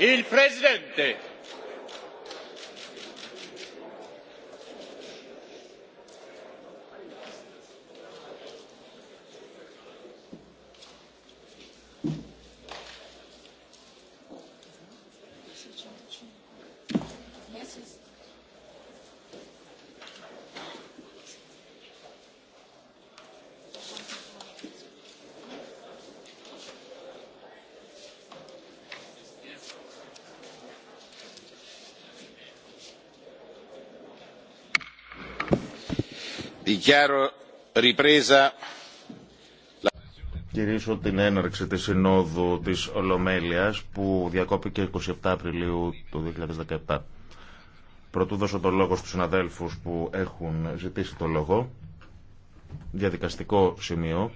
Il Presidente. Dichiaro Κυρίσω την έναρξη της Συνόδου της Ολομέλειας που διακόπηκε 27 Απριλίου του 2017. Πρωτού δώσω το λόγο στους συναδέλφους που έχουν ζητήσει το λόγο. Διαδικαστικό σημείο.